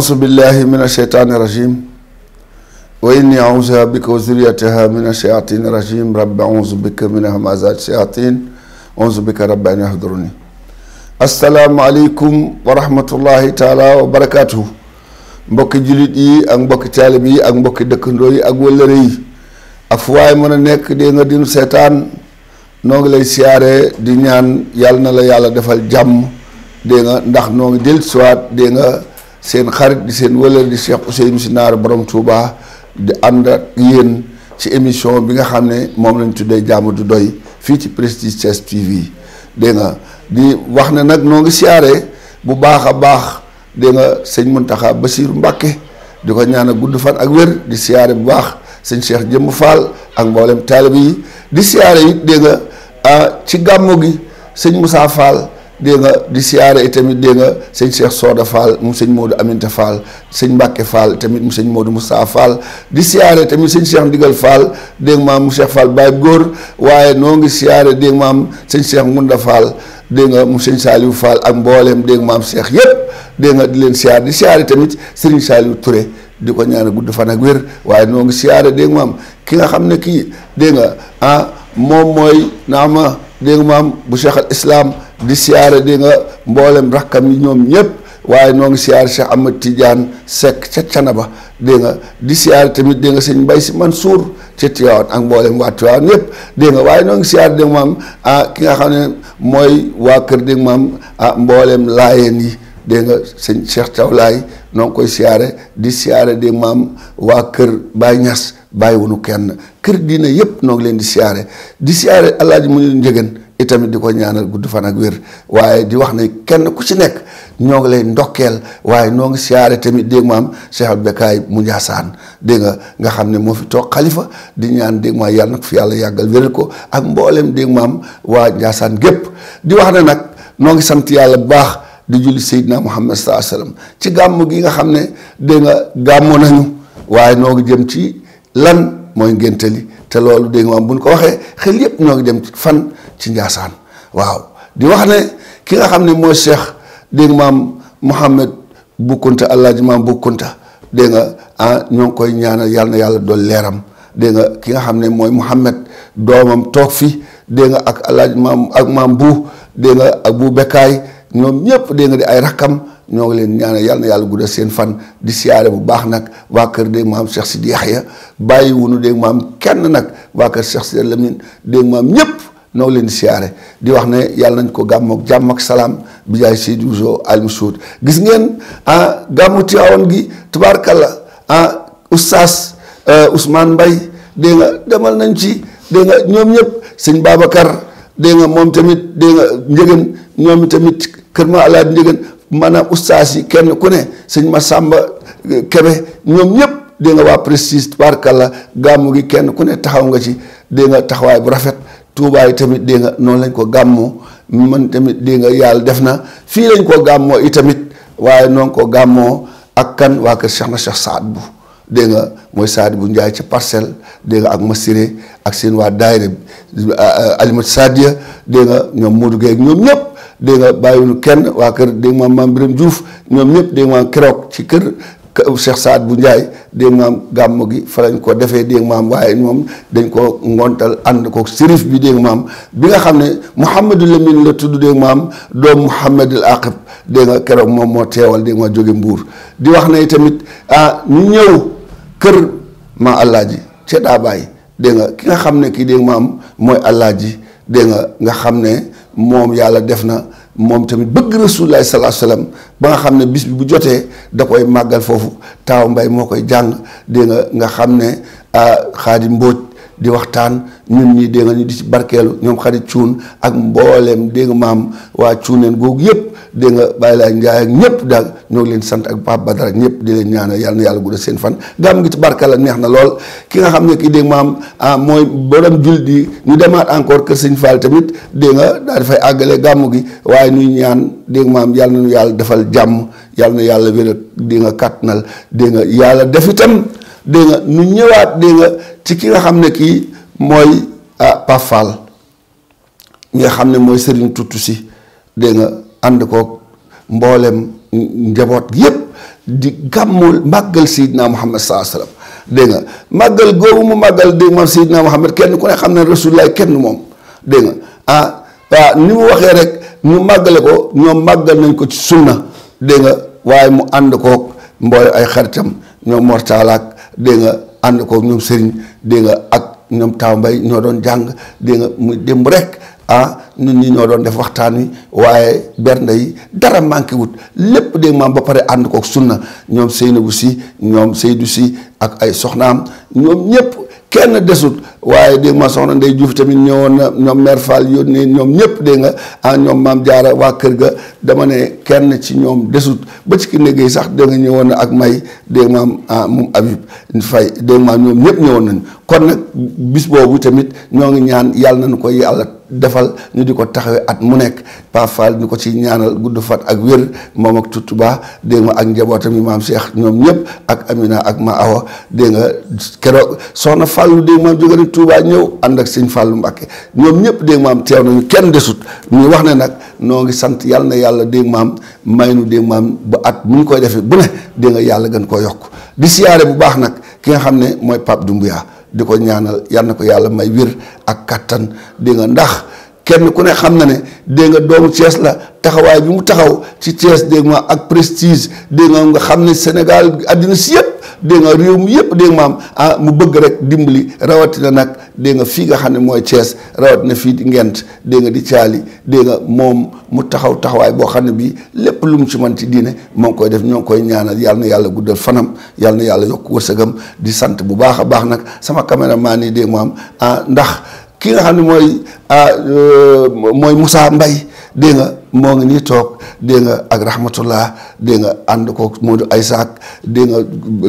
auzu billahi min asheytaani rajim wa inni auzuha bika wa zuriyataha min taala wa barakaatuhu mbokki jullit yi ak mbokki taalib yi ak mbokki dëkkandoo yi ak wëllëre yi afuwaay mën a nekk dee nga dinu seetaan noo lay siyaare di ñaan yàlla na la yàlla defal jàmm dee nga ndax noo ngi dellusiwaat dee nga seen xarit di seen wëlër di Cheikh Ousseynou Sy Naaru borom Touba di ànd ak yéen ci émission bi nga xam ne moom lañ tuddee jàmm du doy fii ci Prestige Thiès TV yi nga di wax ne nag noo ngi siyaaree bu baax a baax dégg nga sëñ Mountakha Bassirou Mbacké di ko ñaan gudd fan ak wér di siyaare bu baax sëñ Cheikh Jëmb Fall ak mboolem taalibe yi di siyaare yi dégg nga ah, ci gàmmu gi sëñ Moussa Fall. dégg nga di siyaare itamit dégg nga sëñ Cheikh Soda Fall mu sëñ Modou Aminta Fall sëñ Mbacke Fall tamit mu sëñ Modou Moussa Fall di siyaare tamit sëñ Cheikh Ndigal Fall dégg maam mu Cheikh Fall Baye Góor waaye noo ngi siyaare dégg maam sëñ Cheikh Ngunda Fall dégg nga mu sëñ Saliou Fall ak mbooleem dégg maam Cheikh yëpp dégg nga di leen siyaare di siyaare tamit Serigne Saliou Touré di ko ñaan gudd fan ak wér waaye noo ngi siyaare dégg maam ki nga xam ne kii dégg nga ah moom mooy naama dégg maam bu Cheikh al Islam. di siyaare di nga mbooleem rakkam yi ñoom ñëpp waaye noo ngi siyaare Cheikh Ahmad tiijaan Seck ca Canaba dégg nga di siyaare tamit dégg nga sëñ Mbay Si Mansuur ca Tiwaawan ak mboolem waa Tiwaawan yëpp dégg nga waaye noo ngi siyaare dégg maam ah ki nga xam ne mooy waa kër dégg maam ah mboolem laayeen yi dégg nga sëñ Cheikh Thiaw Laay noo ngi koy siyaare di siyaare dégg maam waa kër Baay Ñas bàyyiwunu kenn kër diina yëpp noo ngi leen di siyaare di siyaare Alaaji mu ñu njëgën itamit di ko ñaanal gudd fan ak wér waaye di wax ne kenn ku ci nekk ñoo ngi lay ndokkeel waaye noo ngi siyaare tamit dégg maam Cheikh Bekkaay mu Njaasaan dégg nga nga xam ne moo fi toog xalifa di ñaan dégg maam yàlla nag fi yàlla yàggal wéral ko ak mbooleem dégg maam waa Njaasaan gépp di wax na nag noo ngi sant yàlla bu baax di julli Seydina Muhammad sallallahu alayhi wasallam ci gàmm gi nga xam ne dégg nga nañu waaye noo ngi jëm ci lan mooy ngénte li te loolu dégg nga maam bu ñu ko waxee xel yépp ñoo ngi dem ci fan ci Njaasaan waaw di wax ne ki nga xam ne mooy Cheikh dégg nga maam Mouhamed Bou Kounta Alaaji maam Bou Kounta dégg nga ah ñoo ngi koy ñaanal yàlla na yàlla dool leeram dégg ki nga xam ne mooy Mouhamed doomam toog fi dégg nga ak Alaaji maam ak maam bu dégg ak bu bekkaay ñoom ñëpp dégg nga di ay rakkam ñoo ngi leen ñaanal yàlla na yàlla guddal seen fan di siyaare bu baax nag waa kër dégg maam si Sidi Yaxya bàyyi wunu dégg maam kenn nag waa kër Cheikh Sidi Lamine ñëpp noo leen di siyaare di wax ne yàlla nañ ko gàmmoog jàmm ak salaam bi jaay Seydi Bousso Al Moussoud gis ngeen ah gàmmu Tiwaawan gi tubaarkalla ah oustaz eh, Ousmane Mbaye dégg nga demal nañ ci dégg nga ñoom ñëpp sëñ Babacar dégg nga moom tamit dégg nga njëgën ñoom tamit kër ma alaaj njëgën maanaam ustaas yi kenn ku ne sëñ ma sàmba eh, kebe ñoom ñëpp dégg nga waa prestige barkalla gàmmu gi kenn ku ne taxaw nga ci dégg taxawaay bu rafet tuubaay tamit dégg noonu lañ ko gàmmoo man tamit dégg nga yàlla def na fii lañ ko gàmmoo i tamit waaye noonu ko gàmmoo ak kan waa kër Cheikh na Cheikh Saad bu dégg nga mooy Saad bu Njaay ci parcelle dégg nga ak Massiré ak seen waa daayira eh, eh, Alimat Sadia dégg nga ñoom Modou Gueye ñoom ñëpp dégg nga bàyyiwuñu kenn waa kër dégg nga maam maam Birame Diouf ñoom ñëpp dégg maam keroog ci kër Cheikh Saad bu Ndiaye dégg maam gàmm gi fa lañ ko defee dégg nga maam waaye moom dañ ko ngontal ànd ko sérif bi dégg maam bi nga xam ne Mouhamadou Lamine la tudd dégg maam doom Mouhamadul Aqib dégg nga moom moo teewal dégg ma jóge Mbuur di wax ne tamit ah kër maa Alaaji ca Daabaay ki nga xam ne kii dégg nga maam mooy Alaaji dégg nga nga xam ne moom yàlla def na moom tamit bëgg rasulullah sallallahu alayhi ba nga xam ne bis bi bu jotee da koy màggal foofu taaw mbay moo koy jàng dégg nga xam ne ah, xaadim mbóoj di waxtaan ñun ñii dégg nga ñu di ci barkeelu ñoom xarit cuun ak mbooleem dégg nga maam waa cuuneen googu yëpp dégg bàyyi laa njaay ak ñëpp daal ñoo ngi leen sant ak Pape Badara ñëpp di leen ñaanal yàlla na yàlla guddal seen fan gàmm ngi ci barkeel ak neex na lool ki nga xam ne kii dégg maam ah mooy borom jul di ñu demaat encore kër Sëñ Fall tamit dégg nga dafay àggale gàmm gi waaye ñuy ñaan dégg nga maam yàlla nañu yàlla defal jàmm yàlla na yàlla wér a dégg nga kàttanal yàlla def itam dégg nga nu ñëwaat dégg ci ki nga xam ne kii mooy ah, Pape Fall mi nga xam ne mooy Serigne Toutou si dégg ànd ko mboolem njaboot yépp di gàmmul màggal Seydina Muhammad saa sallam dégg nga màggal googu mu màggal dégg moom Seydina Muhammad kenn ku ne xam ne Rasulullaay kenn moom dégg nga ah waaw ah, ni mu waxee rek ñu màggale ko ñoom màggal nañ ko ci sunna dénga waaye mu ànd kook mboole ay xaritam ñoom mortaalaak dégg nga ànd ko ñoom sëriñ dégg nga ak ñoom Taw Mbay ñoo doon jàng dégg nga muy démb rek ah ñun ñi ñoo doon def waxtaan wi waaye bernde yi dara manqué wut lépp dégg maam ba pare ànd ko sunna ñoom Seynabou si ñoom Seydou si ak ay soxnaam ñoom ñëpp kenn desut waaye dégg nga ma soxna Ndeye Diouf tamit ñëwoon na ñoom mère Fall yónnee ñoom ñëpp dégg nga ah ñoom maam jaara waa kër ga dama ne kenn ci ñoom desut ba ci ki néegéey sax dégg nga ñëwoon na ak may dégg maam ah moom Habib Faye maam ñëpp ñëwoon nañu kon nag bis boobu tamit ñoo ngi ñaan yàlla nañu ko yàlla defal ñu di ko taxawee at mu nekk Paa Fall ñu ko ci ñaanal gudd fat ak wér moom ak tutubaa dégg nga ak njabootam yi maam Cheikh ñoom ñëpp ak Amina ak ma Awa dégg Touba ñëw ànd ak sëñ Fallou Mbacké ñoom ñëpp dégg maam teew nañu kenn desut ñu wax ne nag noo ngi sant yàlla na yàlla dégg maam may nu dégg maam ba at mu koy defee bu ne dégg yàlla gën koo yokk di siyaare bu baax nag ki nga xam ne mooy Pape Doumbouya di ko ñaanal yal na ko yàlla may wér ak kattan dégg nga ndax. kenn ku ne xam na ne dénga nga doomu Thiès la taxawaay bi mu taxaw ci Thiès dégg nga ak prestige dégg nga nga xam ne Sénégal àddina si yëpp dégg nga réew mi yëpp dégg nga ah mu bëgg rek dimbali rawatina nag dégg nga fii nga xam ne mooy Thiès rawatina fii di Ngent dégg di caali dégg nga moom mu taxaw taxawaay boo xam ne bii lépp lu mu ci mën ci diine moo ngi koy def ñoo ngi koy ñaanal yàlla na yàlla guddal fanam yàlla na yàlla yokk wërsëgam di sant bu baax a baax nag sama caméraman yi dégg nga maam ah ndax. ki nga xam ne mooy ah, euh, mooy Moussa Mbaye dégg nga moo ngi nii toog dégg nga ak rahmatullah dégg ànd ko Modou Aïssac dégg nga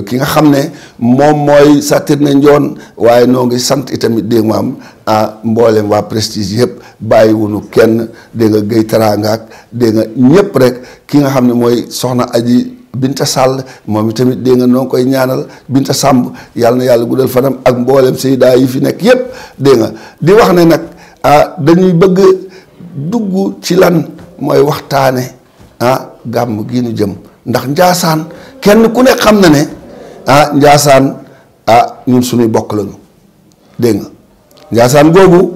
ki nga xam ne moom mooy sattir na njoon waaye noo ngi sant itamit dégg nga am ah mboolem waa prestige yëpp bàyyiwunu kenn dégg nga Guèye Taraangaak dégg nga rek ki nga xam ne mooy soxna aji binta sal momi tamit de nga non koy ñaanal binta samb yalla na yalla guddal fanam ak mbollem seyda yi fi nek yépp de nga di wax ne nak ah dañuy bëgg dugg ci lan moy waxtane ah gam gi ñu jëm ndax njaasan kenn ku ne xam na ne ah njaasan ah ñun suñu bokk lañu de nga njaasan gogu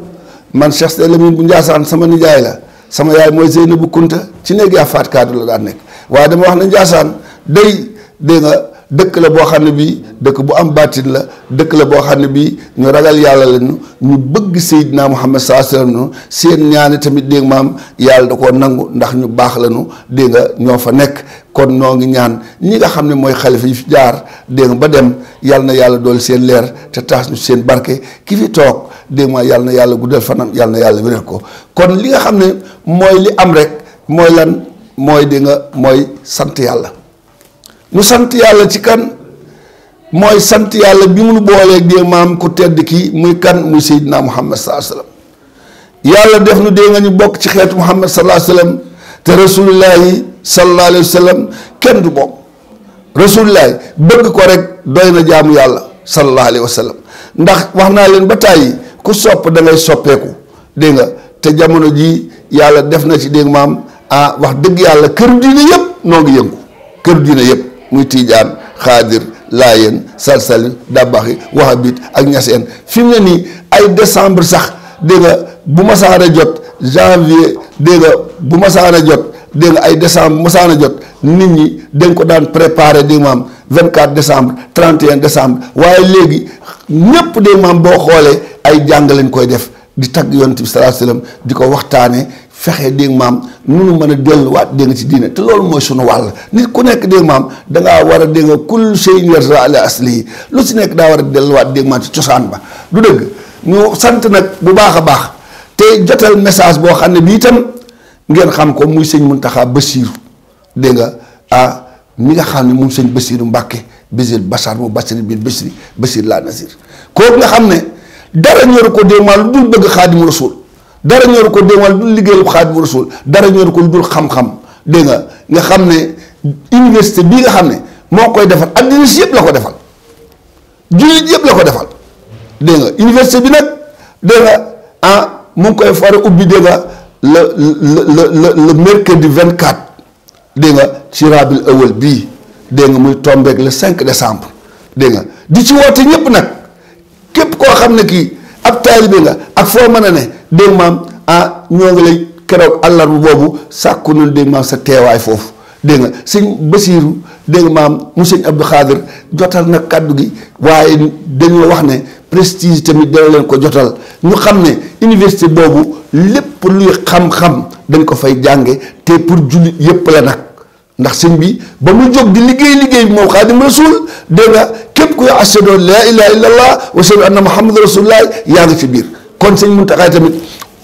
man cheikh selamine bu njaasan sama nijaay la sama yaay moy zainabu kunta ci neegi afaat kadu la da nek waaye dama wax na njaasaan day dégg nga dëkk la boo xam ne bii dëkk bu am baatin la dëkk la boo xam ne bii ñu ragal yàlla lañu ñu bëgg Seydina Muhammad saa sallam nu seen ñaani tamit dégg maam yàlla da koo nangu ndax ñu baax lañu dégg ñoo fa nekk kon ñoo ngi ñaan ñi nga xam ne mooy xalifa yi fi jaar dégg ba dem yàlla na yàlla dool seen leer te taas ñu seen barke ki fi toog dégg ma yàlla na yàlla guddal fanam yàlla na yàlla wéral ko kon li nga xam ne mooy li am rek mooy lan mooy dénga mooy sant yàlla nu sant yàlla ci kan mooy sant yàlla bi mu boolee dee maam ku tedd kii muy kan mu Seydina Muhammad sallallahu alayhi wa yàlla def nu dee nga ñu bokk ci xeetu Muhammad sallallahu alayhi wa sallam te rasulullahi sallallahu alayhi wa kenn du bokk rasulullahi bëgg ko rek doy na jaamu yàlla sallallahu alayhi wa sallam ndax wax naa leen ba tàyyi ku sopp da ngay soppeeku dégg nga te jamono jii yàlla def na ci dégg maam ah wax dëgg yàlla kër diine yëpp noo ngi yëngu kër na yëpp. muy tiijaan xaadir laayeen salsali dabaxi wahabit ak ñaseen fi mu ne nii ay décembre sax dégg nga bu masaana jot janvier dégg nga bu masaana jot dégg ay décembre bu masaana jot nit ñi dañ ko daan préparé vingt maam 24 trente 31 décembre waaye léegi ñépp dégg maam boo xoolee ay jàng lañ koy def di tagg yonent bi sallallahu alayhi di ko waxtaane fexe dégg maam nunu mën a delluwaat dégg ci diina te loolu mooy sunu wàll nit ku nekk dégg maam dangaa war a dégg kul shay'in yarja ala asli lu si nekk daa war a delluwaat dégg maam ci cosaan ba du dëgg ñu sant nag bu baax a baax te jotal message boo xam ne bii itam ngeen xam ko muy sëñ Muntaxa Basiiru dégg nga ah mi nga xam ne moom sëñ Basiiru Mbàkke bisil basar mu basir bil basiri basir laa nasir kooku nga xam ne dara ñoru ko dégg maam lu dul bëgg xaadimu rasul dara ñor ko dégg nga du liggéeyal Xaadimu Rasuul dara ñor ko dul xam-xam dégg nga nga xam ne université bii nga xam ne moo koy defar addina si yëpp la ko defal jullit yëpp la ko defal dégg nga université bi nag ah mu ngi koy fara ubbi dégg nga le le le vingt quatre dégg nga ci rabil awal bii dégg nga muy tombeeg le cinq décembre dégg nga di ci woote ñëpp nag képp koo xam ne kii ab taalibe nga ak foo mën a ne. dégg maam ah ñoo ngi lay keroog àllarba boobu sàkku nañ dégg maam sa teewaay foofu dégg nga sëñ Basiiru dégg maam mu sëñ Abdou Xaadir jotal na kàddu gi waaye dañoo wax ne prestige tamit dana leen ko jotal ñu xam ne université boobu lépp luy xam-xam dañ ko fay jànge te pour jullit yépp la nag ndax sëñ bi ba mu jóg di liggéey liggéey bi moom xaadim rasul dégg nga képp kuy ashhadu an laa ilaaha illallah wa ashhadu anna muhammadan rasulullah yaa ngi fi biir kon sëñ Muntaxa tamit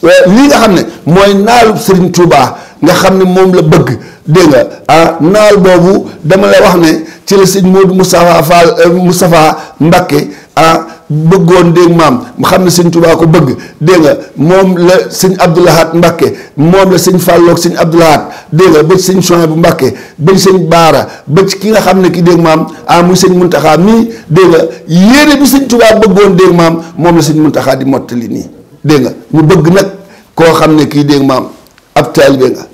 lii nga xam ne mooy naalu Serigne Touba nga xam ne moom la bëgg dégg nga ah naal boobu dama lay wax ne ci la sëñ Modou Moustapha Fall euh, Moustapha Mbacké ah bëggoon dégg maam xam ne sëñ Touba ko bëgg dégg moom la sëñ Abdoulahat Mbacké moom la sëñ Falloog sëñ Abdoulahat dégg nga ba ci Soin bu Mbacké ba seen sëñ Baara ba ki nga xam ne ki dégg maam ah seen sëñ Muntaxa mii dégg nga yéene bi sëñ Touba bëggoon dégg maam moom la sëñ Muntaxa di mottali nii. dégg mu bëgg nak ko xam ki kii dégg maam ab talibé nga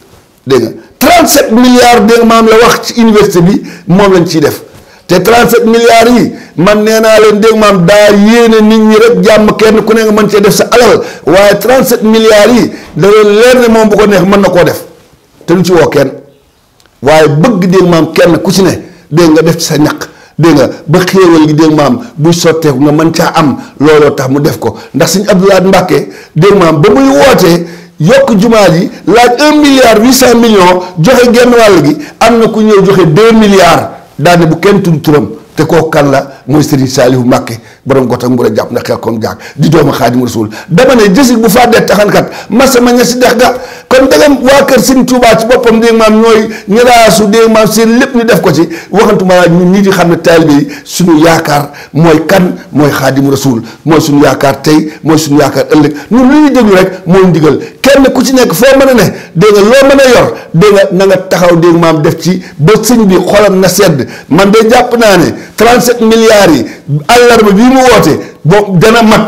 dégg 37 milliards dégg maam la wax ci université bi mom lañ ci def té 37 milliards yi man néna naa leen dégg maam da yéene nit ñi rek jamm kenn ku ne nga man ci def sa alal waye 37 milliards yi da leen leer ne mom bu ko neex man nako def té lu ci wo kenn waye bëgg dégg maam kenn ku ci ne dégg nga def ci sa ñak dégg nga ba xéewal gi dégg maam buy sotteeku nga mën caa am looloo tax mu def ko ndax sëñ Abdou Lahad Mbacke dégg maam ba muy wootee yokk jumaa ji laaj un milliard huit cent millions joxe genn wàll gi am na ku ñëw joxe deux milliards daane bu kenn tudd turam te kooku kan la mooy Serigne Saliou Mbacké borom gotak mbur a jàpp na xel comme jaag di doomu Xaadimu Rasuul dama ne jësig bu fàddee taxankat masama ña si dex ga kon dagam waa kër Serigne Touba ci boppam dégg maam ñooy ñiraasu dégg maam seen lépp ñu def ko ci waxantuma laa ñun ñii di xam ne taalibe yi suñu yaakaar mooy kan mooy Xaadimu Rasuul mooy suñu yaakaar tey mooy suñu yaakaar ëllëg ñun lu ñu déglu rek mooy ndigal kenn ku ci nekk foo mën a ne dégg nga loo mën taxaw dégg maam def ci ba sëñ bi xolam na sedd man de jàpp naa ne 37 milliards yi àllarba bii mu woote boo dana mat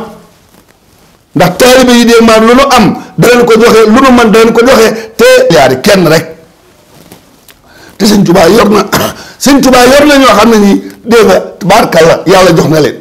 ndax taalibe yi dee maam lu nu am danañ ko joxe lu nu man danañ ko joxe te milliards kenn rek te sëñ Tuubaa yor na sëñ Tuubaa yor na ñoo xam ne nii dégg nga tubaarkalla yàlla jox na leen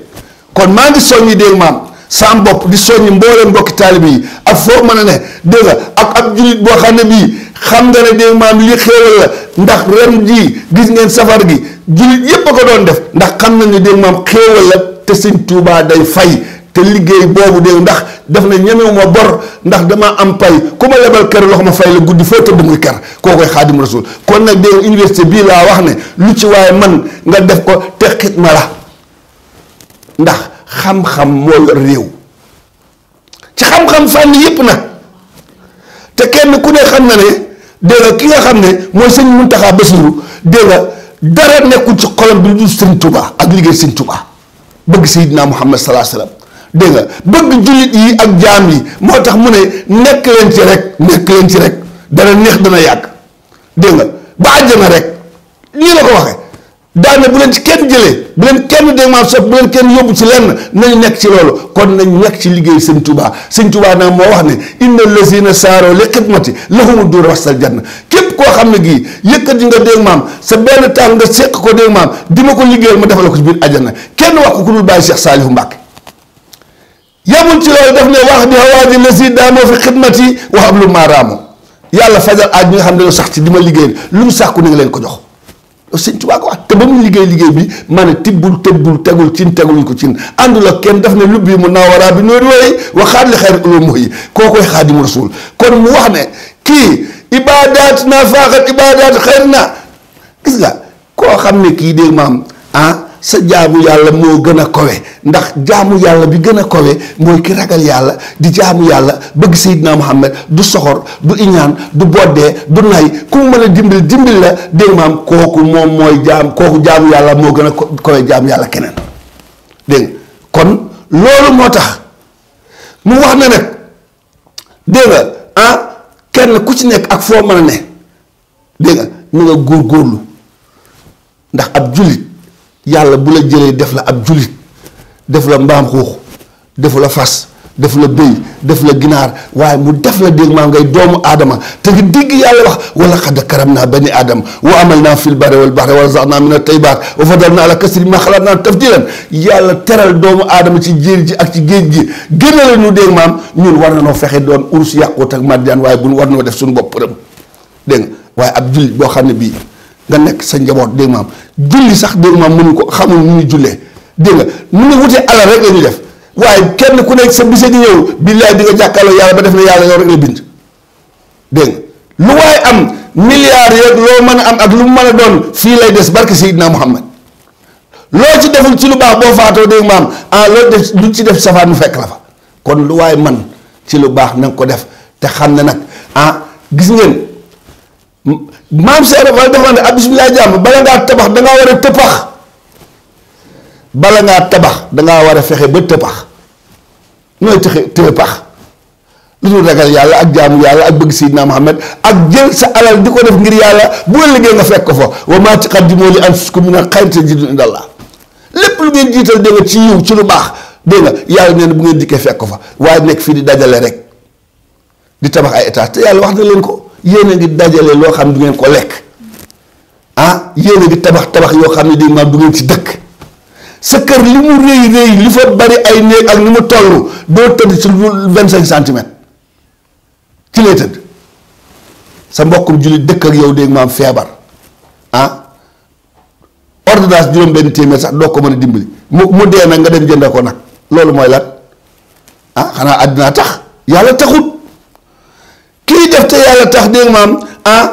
kon maa ngi soññi dégg maam saam bopp di soññi mbooleem mbokki taalibe yi ak foo mën a ne dégg nga ak ab jullit boo xam ne bii xam nga ne dégg maam li xéewal la ndax ren jii gis ngeen safar gi jullit yépp a ko doon def ndax xam nañ ne dégg maam xéewal la te sëñ Tuubaa day fay te liggéey boobu dégg ndax def na ñemewu ma bor ndax dama am pay ku ma lebal kër loxo ma fay la guddi foo tëdd muy kar koo koy xaadim rasul kon nag dégg université bii laa wax ne lu ci waaye def ko te xitma la ndax xam-xam moo yor réew ci xam-xam fànn yépp nag te kenn ku ne xam na ne dégg nga ki nga xam ne mooy sëñ Muntaxa Basiru dégg nga dara nekkul ci xolam bi lu dul sëñ Touba ak liggéey sëñ Touba bëgg Seydina Muhammad salaa salaam dégg nga bëgg jullit yi ak jaam yi moo tax mu ne nekk leen ci rek nekk leen ci rek dana neex dana yàgg dégg nga ba àjjana rek nii la ko waxee. daal ne bu leen ci kenn jëlee bu leen kenn dégg maam sopp bu leen kenn yóbbu ci lenn nañu nekk ci loolu kon nañ nekk ci liggéey sëñ Touba sëñ Touba nag moo wax ne inna lazina saaro li xidmati lahumu duur wasal janna képp koo xam ne gii yëkkati nga dégg maam sa benn tànk nga seq ko dégg maam di ma ko liggéeyal ma defal la ko ci biir àjjana kenn wax ko ku dul bàyyi Cheikh Saliou Mbacke yemul ci loolu daf ne wax di hawaadi lasi daamoo fi xidmati wax am lu yàlla fajal aaj ñi nga xam ne sax ci di ma liggéeyal lu mu sàkku ni nga leen ko jox sëñ Tuubaa ko wax te ba liggéey liggéey bi ma ne tibbul tëbbul tegul cin tegul ko cin àndul ak kenn daf ne lubbi mu nawaraa bi nooy looy waxaat li xayr ulum yi koo koy xaadimu rasul kon mu wax ne kii ibadaat naa faaxat ibadaat xayr na gis nga koo xam ne kii dégg maam ah sa jaamu yàlla moo gën a kowe ndax jaamu yàlla bi gën a kowe mooy ki ragal yàlla di jaamu yàlla bëgg Seydina Muhammad du soxor du iñaan du boddee du nay ku mu mën a dimbil dimbil la dégg maam kooku moom mooy jaam kooku jaamu yàlla moo gën a kowe jaamu yàlla keneen dégg kon loolu moo tax mu wax na nag dégg ah kenn ku ci nekk ak foo mën a ne dégg nga mu nga ndax ab jullit yàlla bu la jëlé def la ab julit def la mbam xox def la fas def la bëy def la ginar way mu def la deg ma ngay doomu adama te gi deg yàlla wax wala qad karamna bani adam wa amalna fil barri wal bahri wa razaqna min at tayyibaat wa fadalna ala kasri ma khalaqna tafdilan yàlla teral doomu aadama ci jéer ji ak ci géej gi gënale ñu deg maam ñun war na noo fexe doon urus yaqut ak madian waaye buñ war noo def suñu bop përëm deg way waaye ab jullit boo xam ne nga nekk sa njaboot dégg maam julli sax dégg maam mënu ko xamul nu ñu jullee dégg mu nu ñu wutee alal rek la def waaye kenn ku nekk sa bise di ñëw billaay di nga jàkkaarloo yàlla ba def ne yàlla yow rek la bind dégg nga lu waaye am milliards yeeg loo mën a am ak lu mu mën a doon fii lay des barke Seydina Muhammad loo ci deful ci lu baax boo faatoo dégg maam ah loo def lu ci def safaan mu fekk la fa kon lu waaye man ci lu baax na ko def te xam ne nag ah gis maam Cheikh Fall dafa ne bisimilah jàmm bala ngaa tabax dangaa war a tëppax bala ngaa tabax dangaa war a fexe ba tëbax nooy tëxe tëppax lu dul ragal yàlla ak jaamu yàlla ak bëgg Seydina Muhammad ak jël sa alal di ko def ngir yàlla bu ëllëgee nga fekk ko fa wa maa tuqaddimu li anfusikum min khayrin tajiduhu inda Allah lépp lu jiital dégg nga ci yiw ci lu baax dégg nga yàlla bu ngeen dikkee fekk ko fa waaye nekk fii di dajale rek di tabax ay étage te yàlla wax na leen ko. yéen a ngi dajale loo xam du ngeen ko lekk ah yéen a ngi tabax tabax yoo xam ne dégg maam du ngeen ci dëkk sa kër li mu rëy rëy li fa bari ay néeg ak ni mu toll doo tëdd ci vingt cinq centimètres ci lay tëdd sa mbokkum jullit dëkk ak yow dégg maam feebar ah ordonnance juróom benn téeméer sax doo ko mën a dimbali mu mu dee nag nga dem jënd ko nag loolu mooy lat ah xanaa àddinaa tax yàlla taxut kii def te yalla tax de mam ah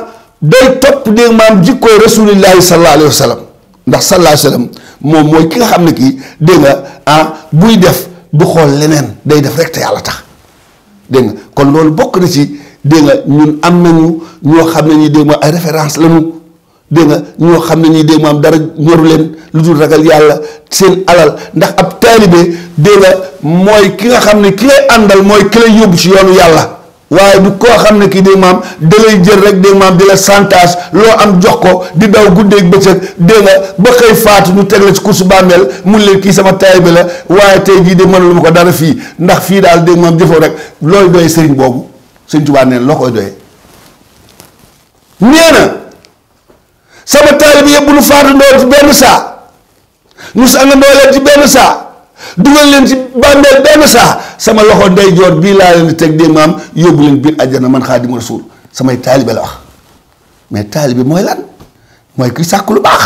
doy top de mam jikko rasulullah sallallahu alaihi wasallam ndax sallallahu alaihi wasallam mom moy ki nga xamne ki de nga ah buy def du xol lenen day def rek te yalla tax de nga kon lolu bok na ci de nga ñun am nañu ño xamne ni de dégg ay reference lañu de nga ño xamne ni de mam dara ñoru len lu ragal yalla seen alal ndax ab talibé de nga moy ki nga xamne ki lay andal moy ki lay yóbbu ci yoonu yalla waaye du koo xam ne kii dégg maam da lay jël rek dégg maam di la loo am jox ko di daw guddeeg bëccëg dégg ba xëy faatu ñu teg la ci kursu bàmmeel mu leen kii sama taay bi la waaye tey de mënalu ma ko dara fii ndax fii daal dégg maam rek looy doyee sëriñ boobu sëriñ loo na sama taay bi yëpp nu faatu ndool ci benn saa ñu sanga ndooleen ci benn saa dugal leen si bàmmeel benn saa sama loxo ndeyjoor bii laa leen di teg dee maam yóbbu leen biir na man xaa xaadimu rasuul samay taalibe la wax mais taalibe mooy lan mooy ki sàkk lu baax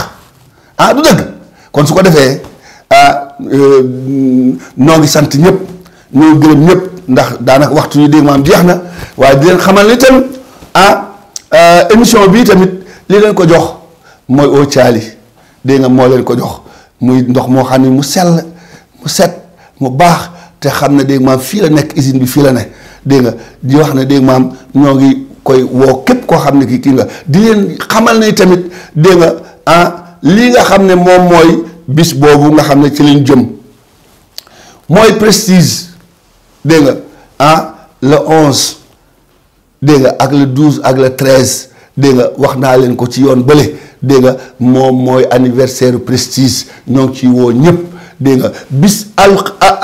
ah kon su ko defee ah euh, noo ngi sant ñëpp ñoo gërëm ndax daanaka waxtu yi dee maam jeex na waaye di leen xamal ni tam ah euh, émission bii tamit li leen ko jox mooy oo caali dégg nga moo leen ko jox muy ndox moo xam ne mu sell. mu set mu baax te xam ne dégg maam fii la nekk usine bi fii la ne dégg nga di wax na dégg maam ñoo ngi koy woo képp koo xam ne kii kii nga di leen xamal nañ tamit dégg nga ah lii nga xam ne moom mooy bis boobu nga xam ne ci lañ jëm mooy prestige dégg nga ah le onze dégg nga ak le douze ak le treize dégg wax naa leen ko ci yoon bële dégg nga moom mooy anniversaire prestige ñoo ngi ci woo ñëpp. dégg nga bis al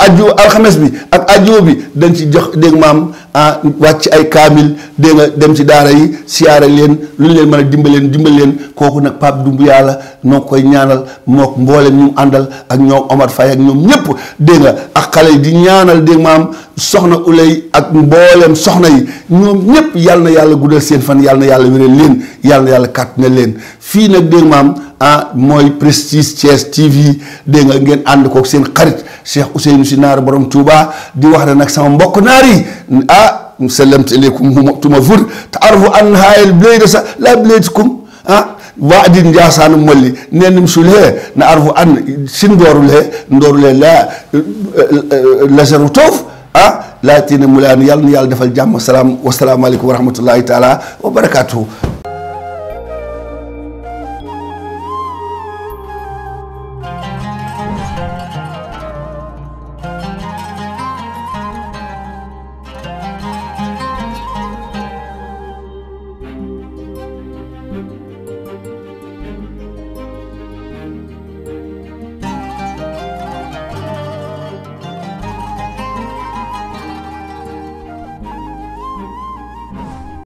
aju alxames bi ak ajoo bi dañ ci jox dégg maam ah wacc ay kamil de nga dem ci daara yi siara len luñ len mëna dimbal len dimbal len koku nak pap dumbu yalla noo koy ñaanal mok mbooleem ñu andal ak ñoom Omar fay ak ñom ñepp de nga ak xalé di ñaanal de maam soxna ulay ak mbooleem soxna yi ñom ñepp yalla na yalla guddal seen fan yalla na yalla wéré len yalla na yalla kat na len fi nak de maam ah moy Prestige Thiès TV de nga ngeen and ko seen xarit Cheikh Ousseynou sinar borom Touba di wax ne nag sama mbokk naari a ah ɗum sallamtu eleykum humoɓtuma foti ta arfu an hayel bleyde sa la bleydikum a waadi jasano molli nenim sul he no arfu an sin dorul he dorul he la lasaru tof a ah. latine mulano yalno yallah defal jamma salam wassalamu aleykum wa rahmatullahi taala wa barakatuhu